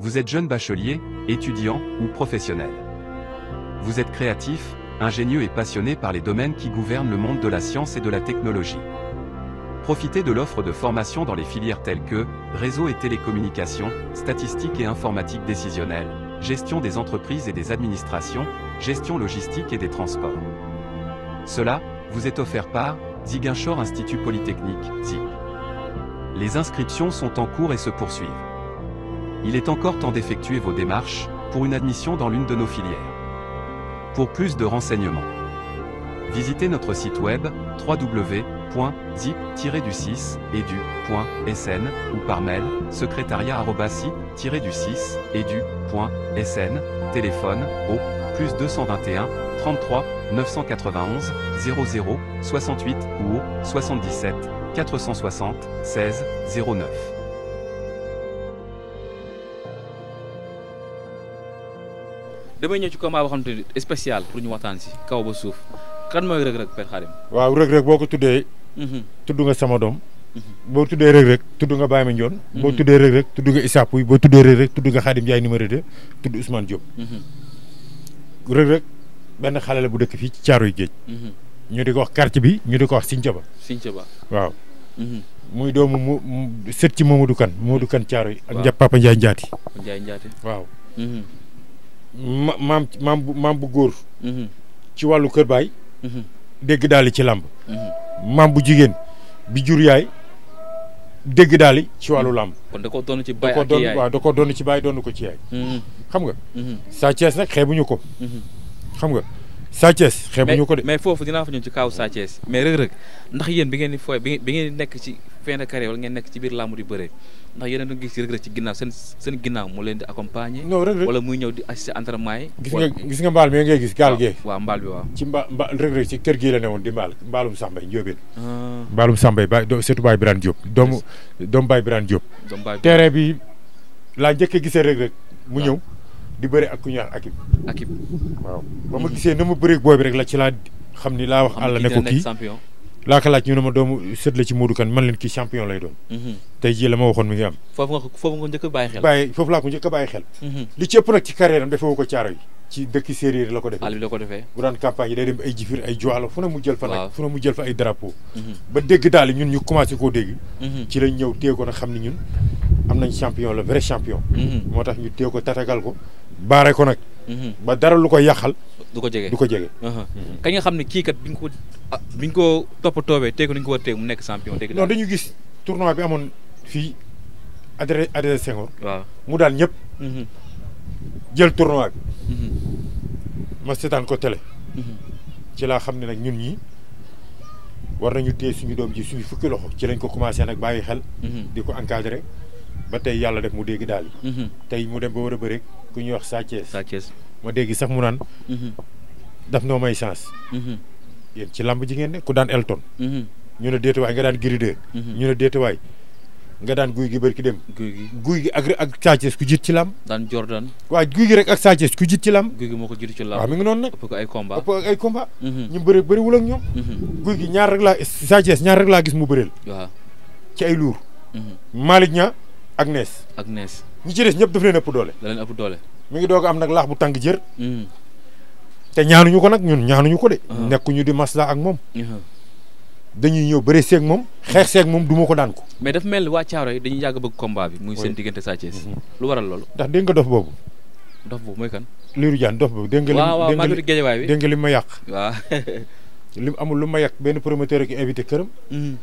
Vous êtes jeune bachelier, étudiant ou professionnel. Vous êtes créatif, ingénieux et passionné par les domaines qui gouvernent le monde de la science et de la technologie. Profitez de l'offre de formation dans les filières telles que réseau et télécommunications, statistiques et informatique décisionnelle, gestion des entreprises et des administrations, gestion logistique et des transports. Cela vous est offert par Ziguinchor Institut Polytechnique, ZIP. Les inscriptions sont en cours et se poursuivent. Il est encore temps d'effectuer vos démarches pour une admission dans l'une de nos filières. Pour plus de renseignements, visitez notre site web www.zip-du6edu.sn ou par mail secrétariat-du6edu.sn Téléphone au plus 221 33 991 00 68 ou au 77 460 16 09. damay ñëw ci combat spécial pour ñu waxtaan si kaw ba suuf kan mooy rëg-rëg Père waaw rëg-rëg boo ko tuddee. Mhm. tudd nga sama boo tuddee Reug Reug tudd nga Baye Mandione mhm. boo tuddee Reug Reug tudd nga Issa Pouye boo tuddee Reug Reug tudd nga Khadim Ndiaye numéro 2 tudd Ousmane Diop mhm. Reug Reug benn xale bu dëkk fii ci caaro yu Géej ñu di ko wax quartier bi ñu di ko wax Sinthiaba Sinthiaba waaw mhm. muy doomu mu sët ci Mamadou Kane Mamadou Kane Caaroy ak njab Papa Ndiaye Ndiaati Ndiaye Ndiaati waaw ma maam maam bu maam bu góor ci wàllu kër baay dégg daal ci làmb maam bu jigéen bi jur yaay dégg daal yi ci wàllu mm-hmm. làmb. kon da koo doon ci bàyyi ak yaay waaw da koo doon ci bàyyi doon ko ci yaay. Mm-hmm. xam nga. Mm-hmm. Sa Thiès nag xeebuñu ko. xam nga Sa Thiès xeebuñu ko de. mais foofu dinaa fa ñëw ci kaaw Sa mais Reug Reug ndax yéen bi ngeen di fooy bi ngeen nekk ci fin de carrière wala ngeen nekk ci biir làmb di bëre ndax yéen a ngi gis rek ci ginnaaw seen seen ginnaaw mu leen di accompagner. non Reug wala muy ñëw di assister entraînement yi. gis nga gis nga mbaal mi ngay gis gaal gee. waaw mbaal bi waaw. ci mba mba rek Reug ci kër gii la newoon di mbaal mbaalum Sambay Ndiobène. Ah. mbaalum Sambay ba surtout Baye Birane Diop. doomu doomu Baye Birane Diop. doomu Baye terrain bi laa njëkk a gisee rek Reug mu ñëw di bëri ak ku ñaar akib. akib waaw ba ma mm-hmm. gisee na ma bëri booy bi rek la ci laa xam ni laa wax àlla ne ko kii laa ko laaj ñu ne ma doomu sët la ci Modou Kane man leen kii champion lay doon. Mhm. tey jii la ma waxoon mi ngi am. foofu a laa ko njëkk a xel. Mhm. li ci nag ci carrière am defewu ko caaro yi. ci dëkk séeréer la ko defee. àll bi day dem ay jifir ay joalo fu ne mu jël fa nag. fu ne mu jël fa ay drapeau. Mhm. ba dégg daal ñun ñu commencé koo dégg. ci lañ ñëw téye ko nag xam ni ñun am nañ champion le mm-hmm. moo tax ñu téye ko tatagal ko baare ko nag. Mm-hmm. ba dara lu ko yàqal. du ko jege du ko jege. Uh-huh. Mm-hmm. kañ xam ne kii kat bi ko ah, biñ ko topp toobee téye ko ni ñu ko war a téye mu nekk champion. dégg non dañu gis tournoi bi amoon fii adré adré Senghor. waaw mu daal ñëpp. jël tournoi bi. ma seetaan ko télé. ci laa xam ne nag ñun ñi war nañu téye suñu doom ji suñu fukki loxo ci lañ ko commencé nag bàyyi xel. di ko encadré. ba tey yàlla def mu dégg daal yi mhm. tey mu dem ba war a bëri ku ñuy wax Sa Thiès Sa Thiès ma dégg sax mu naan mhm. daf noo may chance mhm. yéen ci lamb ji ngeen ne ku daan Elton ñu ne déetuwaay nga daan Giri ñu ne déetuwaay nga daan guy gi bërki dem guy gi guy gi ak ak Sa ku jiit ci lamb. daan Jordan waaw guy gi rek ak Sa ku jiit ci lamb. guy gi moo ko jiitu ci lamb waaw mi ngi noonu nag ëpp ay combat ëpp ay combat ñu bëri wul ak ñoom guy gi ñaar rek laa Sa ñaar rek laa gis mu bëreel waaw ci ay luur Malick Niang Agnes. Agnes. ak ñi ci des ñep daf leen ëpp doole da leen ëpp doole mi ngi doog am nak laax bu tang jër Hmm. te ñaanuñu ko nak ñun ñaanuñu ko de ah. nekkuñu di masla ak mom. Hmm. Ah. dañuy ñëw bëré sék mom, xex sék mom duma ko daan ko mais daf mel wa caaro yi dañuy yag bëgg combat bi muy seen digënté Sa ciess. Mhm. lu waral loolu ndax dégg nga dof bobu. dof bobu moy kan Liru jaan dof bobu dégg nga dégg nga li ma yàq Wa. Lim amul lu ma yàq ben promoteur ak invité kërëm. Hmm.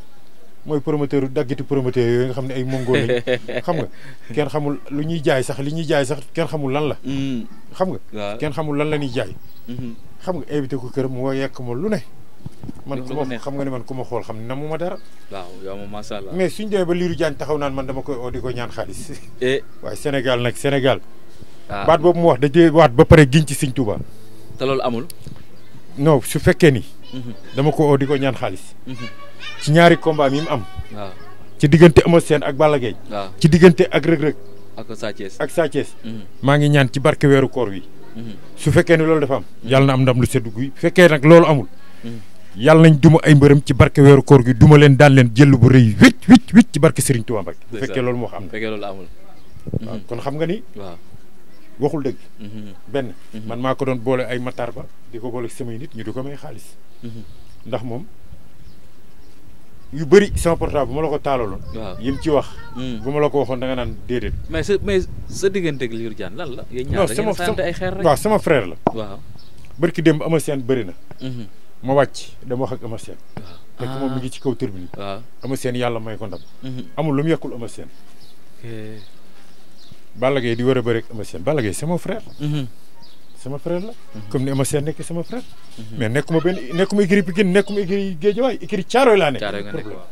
mooy promoteur daggiti promoteur yooyu nga xam ne ay mongo lañ xam nga kenn xamul lu ñuy jaay sax li ñuy jaay sax kenn xamul lan la mm. xam nga kenn xamul lan la ñuy jaay mm-hmm. xam nga invité ko kër mu yekk ma lu ne man ku ma xam nga ne man ku ma xool xam ne namu ma dara waaw yow ma mais suñ demee ba Lirou Diane taxaw naan man dama koy oo ko ñaan xaalis eh. waaye Sénégal nag Sénégal ah. baat boobu mu wax da dee waat ba pare giñ ci Sëñ Tuuba te loolu amul non su fekkee nii dama ko oo di ñaan xaalis. Mhm. ci ñaari combat mi am. ci digënté amo sen ak Balla Gaye ci digënté ak Reug Reug ak Sa Thiès ak Sa Thiès mhm. maa ngi ñaan ci barké weeru koor wi. Mhm. su féké ni loolu dafa am. yalla na am ndam lu séddu gu féké nak loolu amul. yalla nañ duma ay mbeureum ci Dumu weeru koor gu duma leen daan leen jël bu reuy wit wit wit ci barké Serigne Touba loolu mo xam féké loolu amul. kon xam nga ni. waxul dëgg. Mhm. benn mhm. man maa ko doon boole ay matar ba di ko boole samay nit ñu di ko may xaalis. Mhm. ndax moom yu bëri sama portable bu ma la ko taalaloon. waaw yim ci wax. bu ma la ko waxoon danga naan déedéet. mais sa mais sa digganteeg Lirou Diane lan la. yéen ñaar da ngeen sant ay xeer waaw sama frère la. waaw barki démb Ama Sène bëri na. ma wàcc dama wax ak Ama Sène. waaw moom mi ngi ci kaw tribune. waaw Ama ah. Sène yàlla may ko ndam. amul lu mu yekkul Ama Balla Gaye di war a bëri ak Eumeu Sène sama frère. Mhm. sama frère la. Mhm. comme ni Eumeu Sène nekk sama frère. Mhm. mais nekkuma benn nekkuma écurie Pikine nekkuma écurie Guédiawaye écurie Thiaroye laa nekk. Thiaroye nga nekk waaw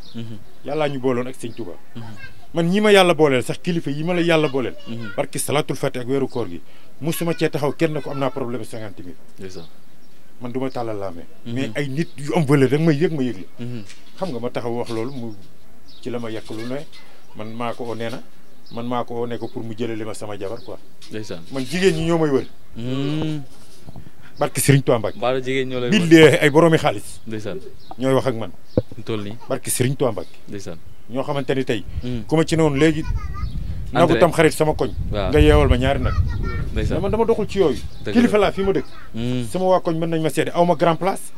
yàllaa ñu booloon ak Sëñ Touba. man ñi ma yàlla booleel sax kilifa yi ma la yàlla booleel. barki salaatul fati ak weeru koor gi musuma cee taxaw kenn na ko am naa problème cinquante mille. man du ma tàllal laame. mais ay nit yu am valeur rek may yëg ma yëg la. xam nga ma taxaw wax loolu mu ci la ma yàq lu ne man maa ko nee na man maa ko ne ko pour mu jëlale ma sama jabar quoi. ndeysaan man jigéen ñi ñoo may wër. Hmm. barke Serigne Touba Mbacké. Baara jigéen ñoo lay wër bile ay boroomi xaalis. ndeysaan ñooy wax ak man. mu toll nii barke Serigne Touba Mbacké. ndeysaan ñoo xamante ni tey. Hmm. ku ma ci noonu léegi. nagu tam xarit sama koñ. nga yeewal ma ñaari nag. ndeysaan man dama doxul ci yooyu. kilifa laa fi ma dëkk. Hmm. sama waa koñ mën nañ ma seede aw ma grand place.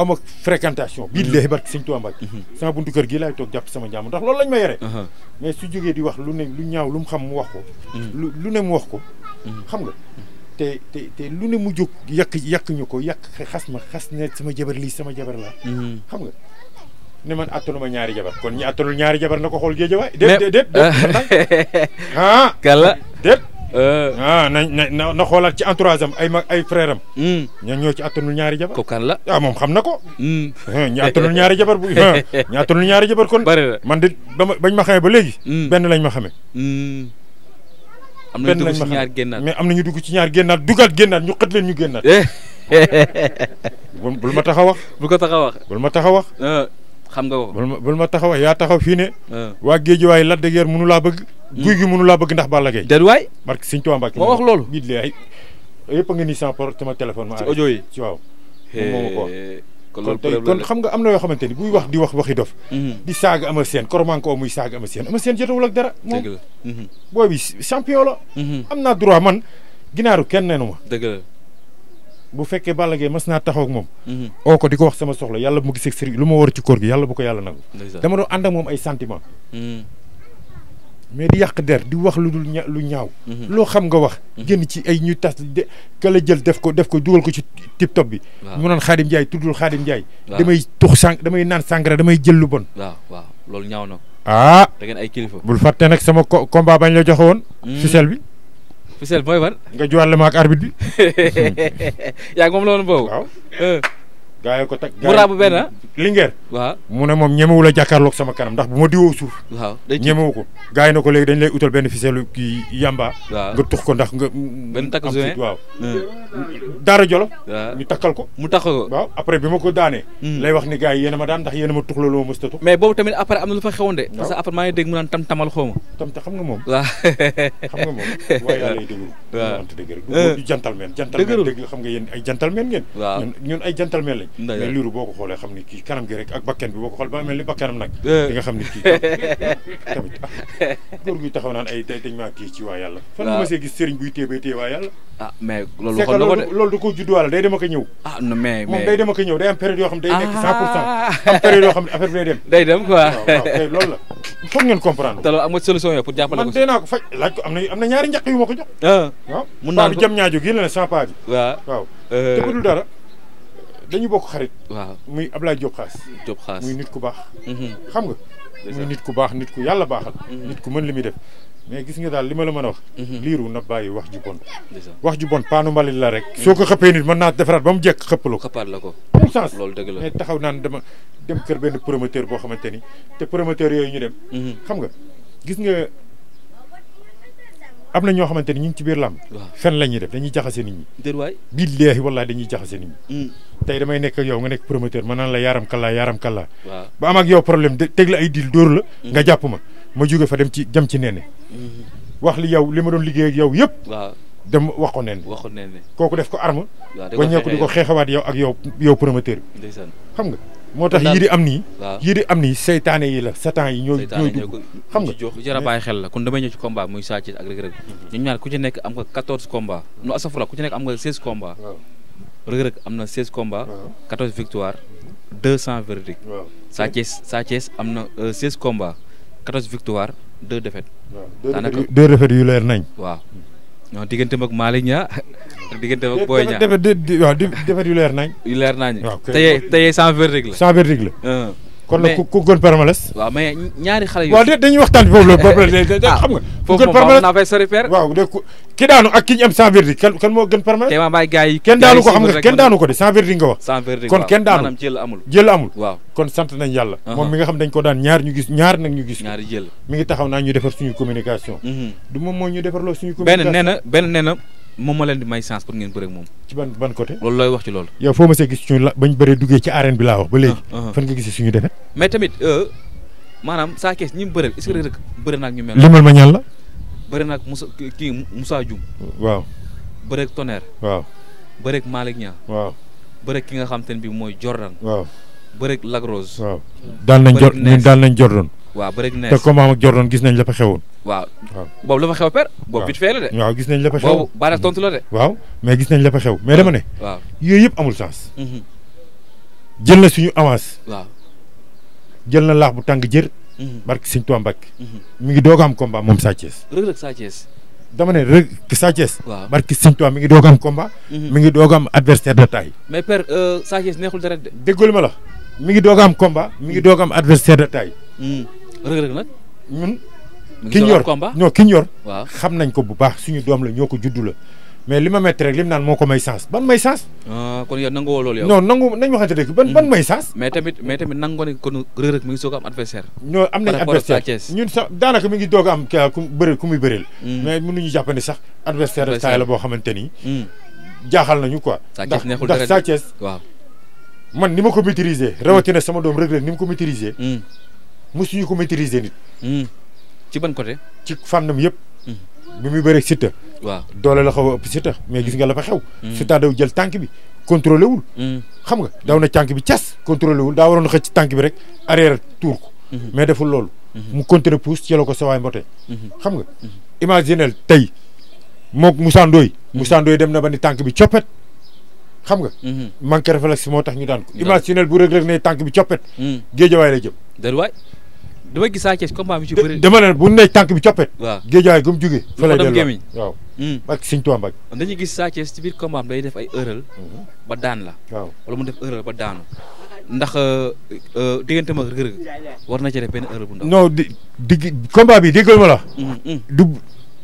am ak fréquentation hebat mhm. barke seigne touba mbacke mhm. sama buntu keur gi lay tok japp sama jamm ndax loolu lañ ma yéré mhm. mais su jógee di wax lu ne lu ñaaw lu mu xam mu wax ko lu ne mu wax ko xam nga te te te lu ne mu jog yak yak ñuko yak xass ma xass ne sama jabar li sama jabar la xam nga ne man ma ñaari jabar kon ñi atul ñaari jabar nako xol xool Deh deh deh. déet déet deh. Ah! kala Euh. ah na na na xoolaat ci entourage am ay ay frère am. Hmm. ñoo ñoo ci attanul ñaari jabar. ko kan la ah moom xam na ko. Hmm. Eh, ñu attanul ñaari jabar bu ah, ñu attanul ñaari jabar kon. bari na man de ba ma bañ ma xamee ba léegi. Hmm. benn lañ ma xamee. am na dugg ci ñaar génnaat mais am nañu dugg ci ñaar génnaat dugaat génnaat ñu xët leen ñu génnaat. Eh. bul ma tax wax. bul ko tax wax. bul ma tax wax. Euh, xam nga ko. bul ma bul wax yaa taxaw fii ne. Euh. waa géej waay Lac de Guiers mënu bëgg guy gi mënu la bëgg ndax Balla gay déet way barke señ tuba Mbàkke mo wax loolu billaay yëpp yépp nga ni sama porte sama téléphone ma ci audio yi ci waw kon xam nga amna yo xamanteni buy wax di wax waxi dof mm-hmm. di sag ama sen koromaan manko muy sag ama sen ama sen jotawul ak dara moom mm-hmm. booy bi champion la mm-hmm. amna droit man ginaaru kenn nenuma deug la bu fekke Balla gay masna naa taxaw ak mom oo ko di wax sama soxla yalla mu ma gisee sëriñ luma wor ci koor gi yalla bu ko yalla nangu dama do and ak mom ay sentiment mais di yàq der di wax lu dul lu ñaaw. Mhm. loo xam nga wax. Mhm. génn ci ay ñuy tas de ka jël def ko def ko dugal ko ci TikTok bi. waaw mu naan Xaadim Njaay tuddul Xaadim Njaay. damay tux sang damay naan sangara damay jël lu bon. waaw waaw loolu ñaaw na. ah da ngeen ay kilifa. bul fàtte nag sama co combat bañ joxe woon. Hmm. ficelle bi. ficelle mooy ban. nga joxal ma ak arbitre bi. yaa moom la woon boobu. gaa ko tag bu raabu benn ah? lingeer waaw mu moom ñemewul a sama kanam ndax bu ma diwoo suuf waaw ñemewu ko gaa yi na ko léegi dañ lay utal benn fiseelu kii yamba nga tux ko ndax nga benn takk joint waaw hmm. daara jolo ñu takkal ko mu takk ko waaw après bi ma ko daanee hmm. lay wax ni gaa yi yéena ma daan ndax yéena ma tux loolu ma ta tux mais boobu tamit après am na lu fa xewoon de parce que après maa ngi dégg mu naan tam tamal xawma tam xam nga moom waaw xam nga moom waaye yaa lay déglu jantal meen jantal meen xam nga yéen ay jantal meen ngeen waaw ñun lañ mais liiru boo ko xoolee xam ni kii kanam gi rek ak bakken bi boo ko xool ba mel ni bakkanam nag eh. di nga xam ni kii tamit ah, góor guy taxaw naan ay dañ maa téye ci waa yàlla fan ma see gis sëriñ buy téye bay téye waa yàlla ah, mais loolu waxoon ko de loolu da koo judduwaale day dem mais moom day dem ak a ah, day am période pour cent la foog ngeen comprendre te loolu amul solution yow pour jàppale ko man dee ko faj laaj ko am na ko jam ñaajo gii la ne sans pas bi waaw waaw eh. dañu bokk xarit. waaw muy Ablaye Diop Xaas. Xaas muy nit ku baax. Mhm. xam nga. muy nit ku baax nit ku yàlla baaxal. Mhm. nit ku mën li muy def. mais gis nga daal li ma la mën a wax. Mhm. liiru na bàyyi wax ju bon. wax ju bon paanu mbalit la rek. soo ko xëppee nit mën naa defaraat ba mu jekk xëppaloo. xëppaat la ko loolu dëgg la mais taxaw naan dama dem kër benn promoteur boo xamante ni te promoteur yooyu ñu dem. xam nga gis nga. am na ñoo xamante ni ñu ngi ci biir làmb fen la ñuy def dañuy jaxase nit ñi billaahi wallaahi dañuy jaxase nit ñi mm. tey damay nekk ak yow nga nekk promoteur ma naan la yaaram kallaa yaaram kallaa ba am ak yow problème teg la ay dil dóor la mm. nga jàpp ma ma jóge fa dem ci jëm ci nenne mm-hmm. wax li yow li ma doon liggéey ak yow yëpp dem wax ko nenne kooku def ko arme waññeeku di ko xeexawaat yow ak yow yow promoteur bi xam nga moo tax yii di am nii. waaw am nii seytaane yii la satan yi ñoo. ñoo dugg xam nga lu a bàyyi xel la kon damay ñëw ci combat muy Sa Thiès ak Reug Reug. Mm-hmm. ñun ñaar ku ci nekk am nga 14 combats nu asafura ku ci nekk am nga 16 combats. waaw Reug am na 16 combats. 14 victoires 200 verdicts. waaw Sa Thiès am na 16 euh, combats 14 victoires 2 défaites. waaw 2 défaites yu leer nañ. waaw. non digganteem ak Malick Niang ak digganteem ak Boy yu leer nañ. yu leer nañ. waaw tey tey sans verdict kon nag ku gën permales. waaw mais ñaari xale yu. waaw dañuy waxtaan foofu la boobu la ah, xam nga. ku gën permales naa fay ko xam nga kenn daanu ko de sans nañ yàlla. Uh-huh. moom mi nga xam dañ ko daan ñaar ñu gis ñaar nag ñu gis. ñaari jël taxaw naa ñu defar suñu communication. Uh-huh. du moom moo ñu defarloo suñu. communication benn nee na benn nee na moom ma leen di may chance pour ngeen bëreeg moom. ci ban ban côté. loolu looy wax ci loolu. yow foo ma see gis suñu la bañ bëree duggee ci arène bi laa wax. ba léegi ah, ah. fan nga gis suñu defet mais tamit euh, maanaam saa kees ñi mu bëreel est rek bëri na ak ñu mel. limal ma ñaan la. bëri nag ak Moussa kii Moussa Dioum. waaw bëreeg Tonnerre. waaw bëreeg Malick Niang. waaw bëreeg ki nga xam te ne bii mooy Jordan. waaw bëreeg lagros Rose. waaw daan nañ Jordan ñun daan nañ Jordan. waaw bëri na te combat ak Jordan gis nañ la fa xewoon. waaw la fa xew per. waaw boobu vite la de. waaw gis nañ la fa xew boobu baaraas tontu la de. waaw mais gis nañ la fa xew. mais dama ne. waaw yooyu yëpp amul sens. Mhm. jël na suñu avance. waaw jël na laax bu tàng jër. Mhm. barke Sëñ Tuubaa Mbàkke. Mhm. mi ngi doog am combat moom Sa Sa Thiès. dama ne Reug Sa mi ngi doog am combat. mi ngi doog am adversaire de taille. mais per Sa Thiès neexul dara de. déggul ma la mi ngi doog am combat mi ngi doog am adversaire de taille. rëg-rëg nag ñun kiñ yor non kiñ yor xam nañ ko bu baax suñu doom la ñoo ko juddu la mais li ma métti rek lim naan moo ko may sens ban may sens ah, kon yow nangu woo loolu yow non nangu nañ waxante dëgg ban ban hmm. may sens mais tamit mais tamit nangu ne kon rëg-rëg mi ngi soog am adversaire ñoo am nañ adversaire ñun sax daanaka mi ngi doog a am ku bëri ku muy hmm. sax adversaire de taille la boo xamante ni hmm. jaaxal nañu quoi ndax ndax Sa Thiès waaw man ni ma ko maîtriser rawatina sama doom rëg-rëg ni ma ko maîtriser musuñu ko maîtriser nit. Hmm. ci ban côté. ci fànnam yëpp. Hmm. bi muy bëreeg Siteu. waaw doole la xaw mais gis nga la fa xew. Hmm. jël tànk bi contrôlé wul. xam nga daw na tànk bi cas contrôlé wul daa waroon xëcc ci tànk bi rek arrière tuur mais deful loolu. mu continuer pousse la ko sawaay mbote. xam nga imaginel tey moog Moussa Ndoye. Moussa dem na ba ni tànk bi coppet. xam nga. manqué réflexe moo tax ñu daan ko. imaginel bu rëg rëg ne tànk bi coppet. géejawaay lay jëm. dama gis Sa Thiès combat bi ci bëri. dama bi coppet. waaw géejaay gu mu jugee. ak hmm. Sëñ Tuubaa Mbàkke. dañuy gis Sa Thiès ci biir combat day def ay erreur. ba daan la. wala mu def erreur ba daanu. ndax euh, euh, diggante ma rëg-rëg war na ci benn erreur bu ndaw. di di combat bi déggal ma la. Hmm, hmm. du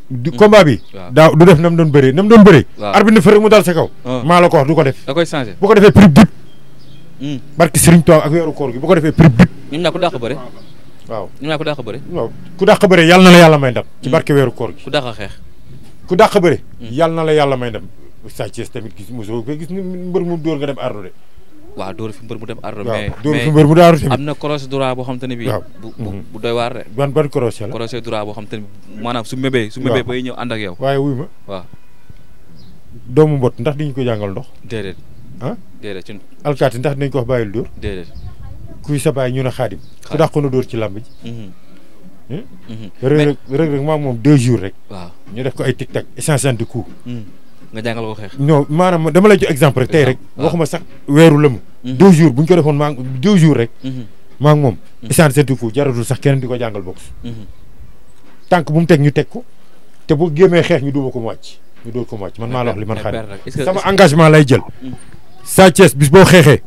du combat bi. daaw du def nam mu doon bëree na mu doon bëree. waaw arbitre fa rek mu dal sa kaw. Ah. maa la ko wax du ko def. da koy changé bu ko defee prix dip. barki Sëriñ ak weeru koor gi bu ko defee prix dip. ñun ñaa ko dàq bëre. waaw ñu naa ku dàq bëre waaw ku dàq bëre yàlla na la yàlla may ndam ci barke hmm. weeru koor gi ku dàq xeex ku dàq bëre hmm. yàlla na la yàlla may ndam Sa Thiès tamit gis mosoo ko gis mbër mu dóor nga de waaw dóor fi mbër mu dem ardo mais dóor fi mbër mu dem na croisé droit boo xam ne bi hmm. bu doy waar de ban ban croisé boo xam ne maanaam su mébee su mébee bay ñëw ànd ak yow waaye wuy ma waaw doomu mbot ndax dañu koy jàngal ndox déedéet ah déedéet ci alkaati ndax dinañ ko wax bàyyil dóor kuy sa baay ñu ne xaadim ku dàq na dóor ci làmb ji mhm. hmm? mhm. rëg rëg rëg maa moom deux jours rek ñu def ko ay tic tac échange de coups mhm. nga jàngal ko xeex non maanaam dama lay jox exemple rek tey rek waxuma sax weeru lëmm deux jours bu ñu ko defoon maa deux jours rek maa ngi moom échange de coups jaratul sax keneen di ko jàngal boxe tànk bu mu teg ñu teg ko te bu gémmee xeex ñu duuma ko mu wàcc ñu dóor ko mu wàcc man maa la li man xaadim sama engagement lay jël Sa Thiès bis boo xeexee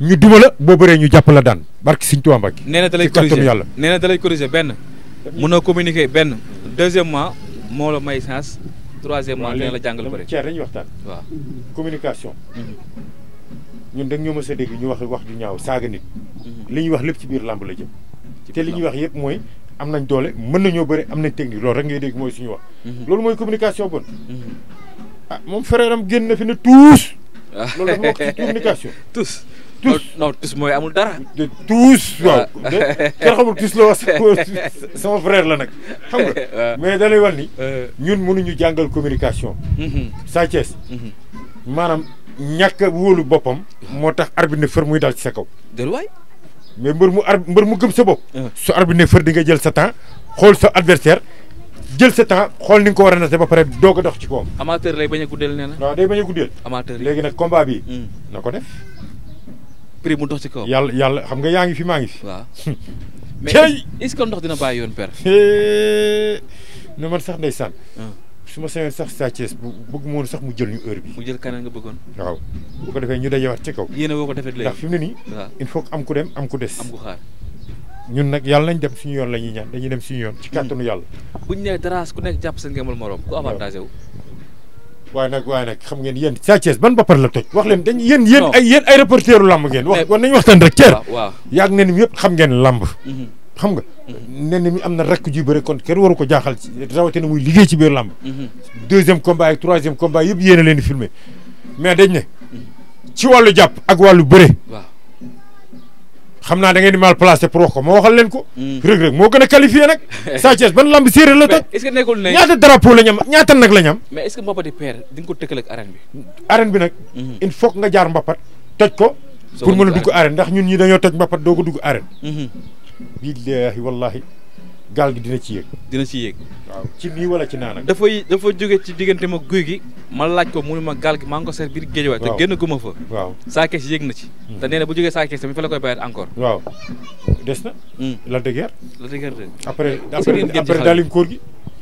ñu duma la boo bëree ñu jàpp la daan barki Sëriñ Tuubaa Mbàkke. nee na da lay corriger yàlla nee na da lay corriger benn. mënoo communiquer benn. deuxièmement moo la may chance. troisièmement dina la jàngal bëri ceer dañuy waxtaan. waaw communication. Mhm. ñun da ñoo mës a dégg ñu wax wax ju ñaaw saaga nit. Mhm. li ñuy wax lépp ci biir làmb la jëm. te li ñuy wax yëpp mooy am nañ doole mën nañoo bëri am nañ technique loolu rek ngay dégg mooy suñu wax. Mhm. loolu mooy communication bon. ah moom frère am génn na fi ne tous. Ah. loolu dafa wax ci communication tous. tous non tous amul dara. tous waaw ah. kenn xamul tous la wax sama frère la nag xam nga. mais da lay wax ni. Euh. ñun mënuñu jàngal communication. Mm-hmm. Sa Thiès. Mm-hmm. maanaam ñàkk wóolu boppam. moo tax arbitre ne fër muy dal ci sa kaw. dëgg mais mbër mu ar mbër mu gëm sa bopp. Ah. su arbitre ne fër di nga jël sa temps xool sa adversaire jël sa temps xool ni nga ko war a nase ba pare doog a dox ci kawam. amateur lay bañ a guddeel nee waaw day bañ a guddeel. léegi nag combat bi. Mm. na ko def. prix mu dox ci kaw. yàlla yàlla xam nga yaa ngi fi maa ngi fi. waaw mais est-ce que ndox dina bàyyi yoon père. ne man sax ndeysaan. Ah. su ma sañoon sax Sa Thiès bu bëgg moon sax mu jël ñu heure bi. mu jël kanam nga bëggoon. waaw boo ko defee ñu dajewaat ci kaw. yéen woo ko defee léegi ndax fi mu nii. il faut am ku dem am ku des. am ku xaar. ñun nag yàlla nañ dem suñu yoon la ñuy ñaan dañuy dem suñu yoon. ci hmm. kàttanu yàlla. buñ nee daraas ku nekk jàpp sa ngëmal morom ku avantagé wu. waaye nag waaye nag xam ngeen yéen Sa Thiès ban boppar la toj wax leen dañ yéen yéen ay yéen ay reporteru làmb ngeen wax wan nañu waxtaan rek ceer yaag ne ni mi yëpp xam ngeen làmb mhm. xam nga mhm. ne ni mi am na rakk ju bëri kon kenn waru ko jaaxal ci rawatina muy liggéey ci biir làmb mhm. deuxième combat ak troisième combat yëpp yéen leen di filmé mais dañ ci wàllu jàpp ak wàllu bëre xam naa da ngeen di mal placé pour wax ko ma waxal leen ko. Hmm. Reug Reug moo gën a qualifié nag. Sa ban lamb séeréer la toj. ñaata drapeau la ñam ñaata nag la ñam. ko tëkkale ak arène bi. arène bi nag. Hmm. il faut nga jaar mbapat toj ko. pour mën a dugg arène ndax ñun ñi dañoo toj mbapat doo ko dugg arène. Hmm. billaahi wallaahi. gal gi dina ci yegg dina ci yegg waaw ci nii wala ci naana. dafay dafa joge ci diggante ma guuy gi. ma laaj ko mu ma gal gi ma ngi ko seet biir géej waay. te génn guma fa. waaw sa kess yegg na ci. da nee bu joge sa kess tamit fa la koy bàyyi encore. waaw des na. la de guerre. la de guerre après après dalim koor gi.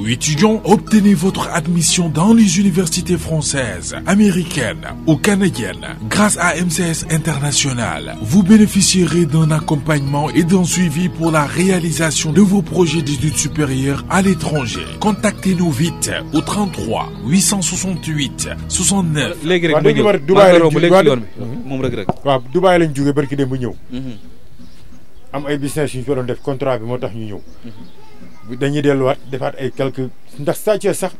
ou étudiants, obtenez votre admission dans les universités françaises, américaines ou canadiennes. Grâce à MCS International, vous bénéficierez d'un accompagnement et d'un suivi pour la réalisation de vos projets d'études supérieures à l'étranger. Contactez-nous vite au 33 868 69. vous dañuy delluwaat defaat ay quelques ndax Sathies sax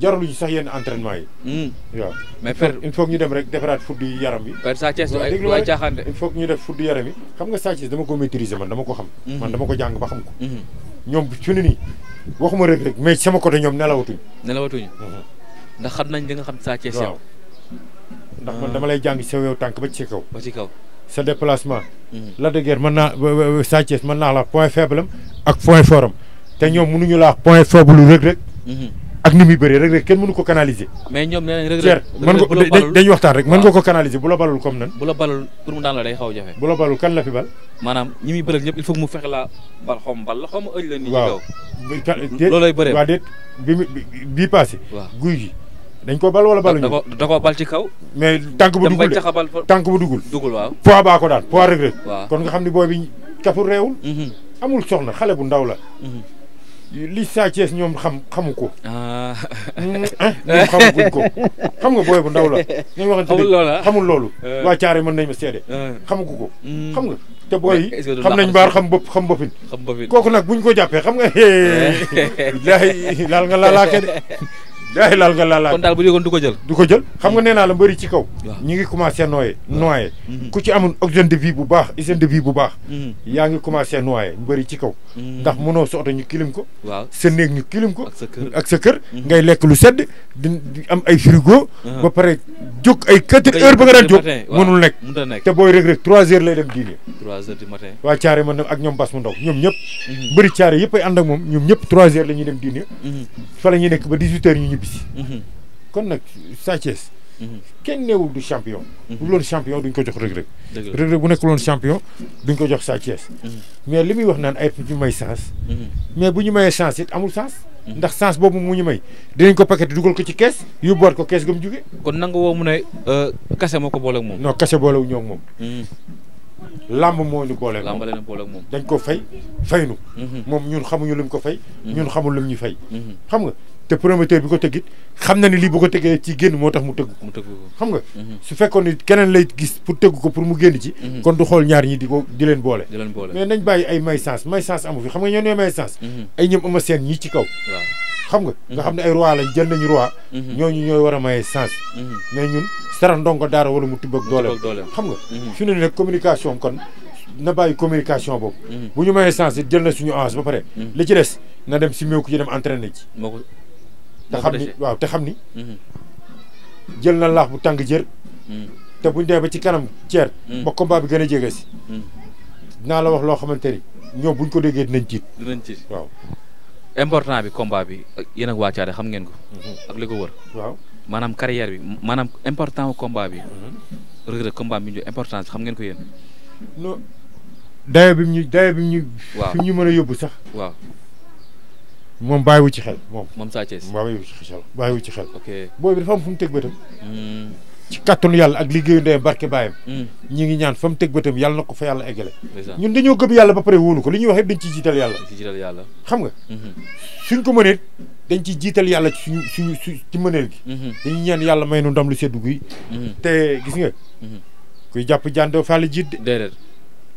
jaraluñu sax yenn entraînement yi. Hmm. waaw mais per il ñu dem rek defaraat fudd yaram bi. per Sathies du ay du ñu def fudd yaram yi xam nga Sathies dama ko maîtriser man dama ko xam. Hmm. man dama ko jàng ba xam ko. Hmm. ñoom su ne nii waxuma rek rek mais sama côté ñoom nelawatuñ. nelawatuñu. ndax xam nañ li nga xam Sathies yow. ndax man ah. dama lay jàng sa yow tànk ba ci kaw. ba ci kaw sa déplacement. la de guerre mën naa Sathies mën naa la point faible am ak point fort te ñoom mënuñu la wax point faible lu Reug Reug mhm. ak ni muy bëree Reug Reug kenn mënu ko canaliser. mais ñoom nee nañ Reug nga rek mën nga ko canaliser bu la balul comme nan. bu la balul pour mu daan la day xaw jafe. bu la balul kan la fi bal. maanaam ñi muy bëreeg ñëpp il faut mu fexe la ma bal la xaw ma ëj la. nii ci kaw loolu lay bëree waaw bi paase. guy gi dañ ko bal wala baluñu. da ko bal ci kaw. mais tànk ba dugul de tànk ba dugul. dugul waaw poids baa ko daan poids Reug Reug. waaw kon nga xam ne booy bi kafur réewul. Mhm. amul soxna xale bu ndaw la mhm. li ñoom xam xamu ko. ah. Hmm, ñoom xamaguñ ko xam nga booy bu ndaw la. ñu waxante ne xamul loolu. Ah. waa Thiaré mën nañ ma seede. Ah. xamagu ko. Hmm. xam nga te booy yi xam nañ baar xam bopp xam boppin. xam kooku nag buñ ko jàppee xam nga. laal nga a de. daay laal nga laal laal kon daal bu yéegoon du ko du ko jël xam nga mm. nee naa la mbëri ci kaw ñi ngi commencé noyé noyé mm-hmm. ku ci amul oxygène de vie bu baax oxygène de vie bu baax mm-hmm. yaa ngi commencé noyé mbëri ci kaw mm-hmm. ndax mënoo sa oto ñu kilim ko waaw sa néeg ñu kilim ko ak sa kër ngay lekk lu sedd di am ay uh-huh. ay quatre heures ba nga daan jóg mënul nekk te booy rek rek trois heures lay dem diine trois waa caare man ak ñoom bas mu ndaw ñoom ñëpp mbëri caare yëpp ay ànd moom ñoom ñëpp trois heures la ñuy dem diine fa ñu nekk ba dix huit heures ñibbisi mhm. kon nag Sa Thiès mhm. kenn neewul du champion bu mhm. loon champion duñ ko jox Reug Reug Reug Reug bu nekk loon champion duñ ko jox Sa Thiès mais li muy wax naan ay ñu may chance mais bu ñu mayee chance it amul chance ndax chance boobu mu ñu may dinañ ko paquet dugal ko ci kees yóbbuwaat ko kees ga mu jóge kon nanga woo mu ne euh, kase moo ko boole ak moom non kase boolewu ñoo moom làmb moo ñu boole làmb leen boole ak moom dañ ko fay fay nu moom ñun xamuñu lu ko fay ñun xamul lu ñu fay xam nga te promoteur bi ko tëggit xam na ni lii bu ko tegee ci génn moo tax mu tëgg ko. xam nga. Mhm. su fekkoon ni keneen lay gis pour tëgg ko pour mu génn ci. Mhm. kon du xool ñaar ñi di ko di leen boole. di leen boole mais nañ bàyyi ay may sens may sens amu fi xam nga mhm. kaw. waaw xam nga. nga xam ne ay roi lañ jël nañu roi. ñu ñooy war a maye sens. mais ñun sarax ndongo daara wala mu tibb ak dooleem xam nga. fi mu ne nag communication kon. na bàyyi communication boobu. bu ñu mayee sens jël na suñu avance ba pare. li ci des na dem si meeku yi dem entraîné ci. te xam ni waaw te xam ni. Mhm. jël na laax bu tàng jër. Mhm. te buñ dee ba ci kanam ceer. Mhm. ba combat bi gën a jege si. dinaa la wax loo xamante ni ñoom buñ ko déggee dinañ tiit. dinañ tiit important bi combat bi yéen ak waa Thiaré xam ngeen ko. ak li ko wër. waaw maanaam carrière bi maanaam important wu combat bi. Reug Reug combat bi ñu importance xam ngeen ko yéen. dayo bi ñu dayo bi ñu. fi ñu mën a yóbbu sax. waaw moom bàyyiwu ci xel moom. moom Sa Thiès bàyyiwu ci xel bàyyiwu ci xel. ok booy bi dafa am fu mu teg bëtam. Hmm. ci kàttanu yàlla ak liggéeyu ndeyam barke bàyyam hmm. ñi ngi ñaan fa mu teg bëtam yàlla na ko fa yàlla eggale ñun dañoo gëm yàlla ba pare wóolu ko li ñuy wax yëpp dañ ciy jiital yàlla yàlla xam nga hmm. suñ ko dañ ciy jiital yàlla ci suñu suñu su ci mëneel gi dañuy ñaan yàlla may nu ndam lu seddu guy te gis nga kuy jàpp jaan doo faale jiit de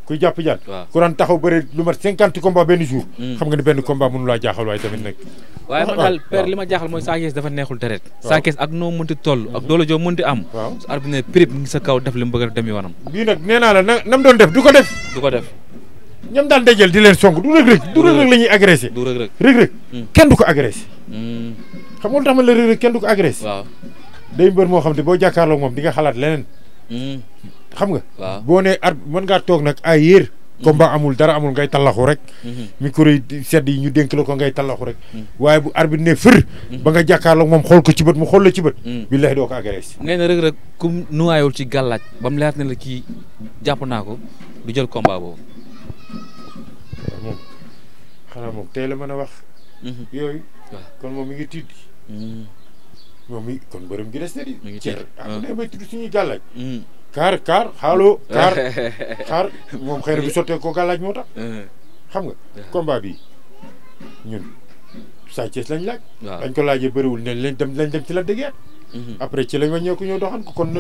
kuy jàpp jaan ku daan taxaw bëri lu mat cinquante combat benn jour hmm. xam nga ni benn combat mënu laa jaaxal waaye tamit nag waaye man ah, daal ah. père li ma jaaxal mooy Sa Thiès dafa neexul deret Sa Thiès ak noo mënti toll ak doole joo mënti am waaw su arbitre ne prip ngi sa kaw def li mu bëgg a def dem yoonam bii nag nee naa la na nam doon def du ko def du ko def ñoom daal dajal di leen song du Reug Reug du Reug Reug la hmm. kenn du ko agressé hmm. xam nga lu tax ma la Reug Reug kenn du ko agressé waaw day mbër moo xam te boo jàkkaarloo moom di nga xalaat leneen xam nga. boo ne at mën ngaa toog nag ay yéer. Mhm. combat amul dara amul ngay tallaxu rek. Mhm. micro yi sedd yi ñu dénk la ko ngay tallaxu rek. Mhm. waaye bu arbitre ne fër. ba nga jàkkaarloog moom xool ko ci bët mu xool la ci bët. billahi doo ko agressé. nee na rek rek comme nuwaayul ci gàllaaj ba mu leer ne la kii jàpp naa ko du jël combat boobu. xanaa moom tey la mën a wax. yooyu. kon moom mi ngi tiit. moom mi kon bërëm gi des na di. mi ngi tiit ah may tudd suñuy gàllaaj. kaar kaar xaalo kaar xaar moom xeer bi sottee ko gàllaaj moo tax uh-huh. xam nga uh-huh. combat bi ñun Sa Thiès lañ laaj dañ ko laajee bëriwul ne lañ dem lañ dem ci la dëggeer Mhm. après ci lañ nga ñëw ko ñëw doxaat ko kon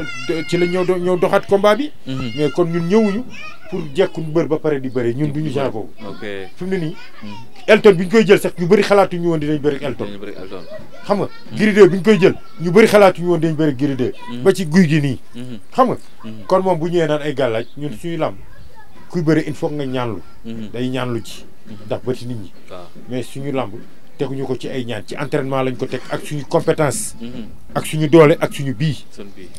ci la ñëw ñëw doxaat combat bi. Mhm. mais kon ñun ñëwuñu pour jekkuñ bër ba pare di bëri ñun duñu genre boobu. ok fi ne nii. Mhm. Elton bi ñu koy jël sax ñu bëri xalaatuñu ñu woon dinañ bëri Elton. dinañ bëri Elton xam nga. Gridé bi ñu koy jël ñu bëri xalaatu ñu woon bëri Gridé. ba ci guy gi nii. xam nga kon moom bu ñëwee naan ay gàllaaj ñun suñu làmb kuy bëri il faut nga ñaanlu. day ñaanlu ci ndax bëri nit ñi. mais suñu làmb teguñu ko ci ay ñaan ci entraînement lañ ko teg ak suñu compétence. Mm-hmm. ak suñu doole ak suñu bii.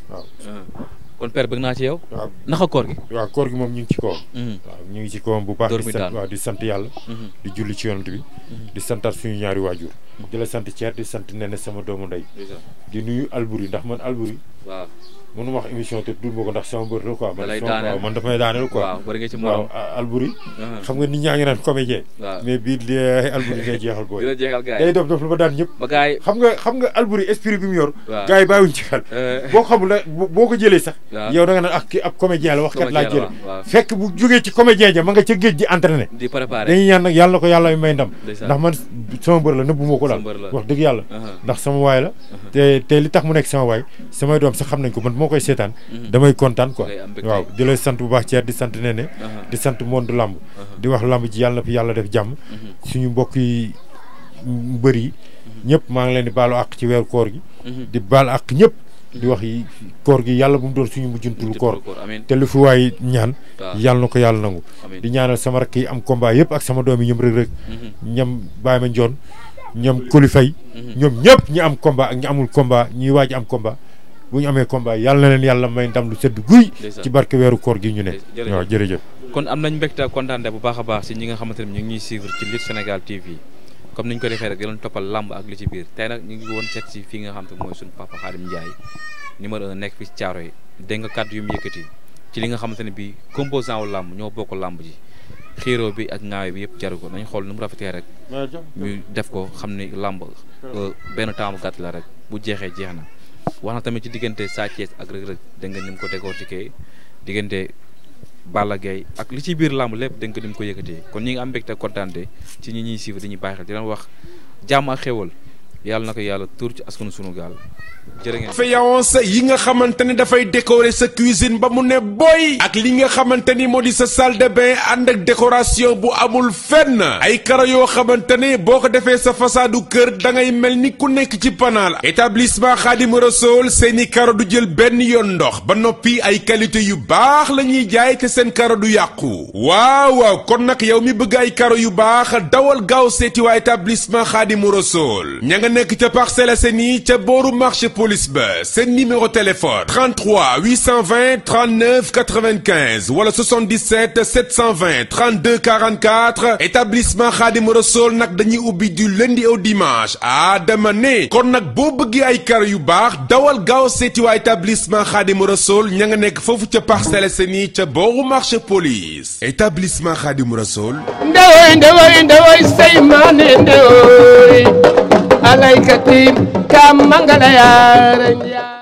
waaw. Uh-huh. kon per bëgg naa ci yow. waaw naka koor gi. waaw koor gi moom ñu ngi ci kawam. Mm-hmm. waaw ñu ngi ci kawam bu baax. di sant di sant yàlla. Mm-hmm. di julli ci yonent bi. di santaat suñu ñaari waajur. di la sant Thier di sant Nene sama doomu ndey di nuyu alburi ndax man Albouri waaw mënu wax émission te dul ndax sama bët quoi man man dafay daaneel quoi waaw bari nga ci morom waaw uh-huh. xam nga nit ñaa ngi comédien mais bii di eh, Albouri dina jeexal booy dina jeexal gars yi day dof dof lu ma daan ñëpp ba gars xam nga xam nga Alburi esprit bi mu yor ci xel eh. xamul sax yow da nga ak ah, ab comédien la wax kat laa jële fekk bu jógee ci comédien ja ma nga di entraîné dañuy ñaan yang yàlla na ko yàlla may ndam ndax man sama la pulaar wax dëgg yàlla ndax sama waay la te te li tax mu nekk sama waay samay doom sax xam nañ ko man moo koy mhm. damay kontaan quoi waaw di lay sant bu baax Thierre di sant Nene di sant monde lamb di wax lamb ji yàlla na fi yàlla def jàmm mhm. suñu mbokk yi mbër yi mhm. ñëpp maa ngi leen di baalu ak ci weeru koor gi di baal àq ñëpp di wax yi koor gi yàlla bu mu doon suñu mujjuntul koor te lu fi waay ñaan yàlla na ko nangu di ñaanal sama rakk yi am combat yëpp ak sama doom yi ñoom rëg-rëg ñam bàyyi ma ñoom kolifay mhm. ñoom ñëpp ñi am combat ak ñi amul combat ñi waaj am combat bu ñu amee combat yàlla na leen yàlla may ndam lu sedd guy ci barke weeru koor gi ñu ne waaw jërëjëf kon am nañ mbégte ak kontaante bu baax a baax si ñi nga xamante ne ñu ngi ñuy suivre ci Lutte Sénégal TV comme niñ ko defee rek di leen toppal làmb ak li ci biir tey nag ñu ngi woon seet si fii nga xam te mooy suñu papa Khadim Ndiaye numéro nekk fi ci caaro yi dégg nga kàddu yu mu yëkkati ci li nga xamante ne bi composant wu làmb ñoo bokk làmb ji xiiroo bi ak ŋaayo bi yëpp jaru ko nañu xool nu mu rafetee rek ñu def ko xam ni làmb euh, benn temps gàtt la rek bu jeexee jeex na wax na tamit ci diggante Sa ak Reug Reug dégg nga ni mu ko décortiquer diggante Balla ak li ci biir làmb lépp dégg nga ni mu ko yëkkatee kon ñi ngi am te kontaante ci ñi ñuy suivre di ñu bàyyi dina wax jàmm ak xéwal yàlla na ko yàlla tuur ci askanu sunu gaal faïence yi nga xamante ni dafay décorer sa cuisine ba mu ne boy ak li nga xamante ni moo di sa salle de ànd ak décoration bu amul fenn ay karo yoo xamante ni boo ko defee sa façadu kër da ngay mel ni ku nekk ci panaal établissement Khadim Rassoul seeni karo du jël benn yoon ndox ba noppi ay qualité yu baax la ñuy jaay te seen karo du yàqu waaw waaw kon nag yow mi bëgg ay karo yu baax dawal gaaw seeti waa établissement Khadim Rassoul ña nga nekk ca Parcelles Assainies ca booru marché police Bus. C'est numéro téléphone 33 820 39 95 wala 77 720 32 44 établissement Khadim Rassoul nag dañuy du lundi au dimanche ah dama ne kon nag boo bëggee ay kar yu baax dawal gaaw seeti établissement Khadim Rassoul n'y a nekk foofu Seni marché police établissement Khadim Rassoul. alayka tiim kaam mangala yaarañ yaa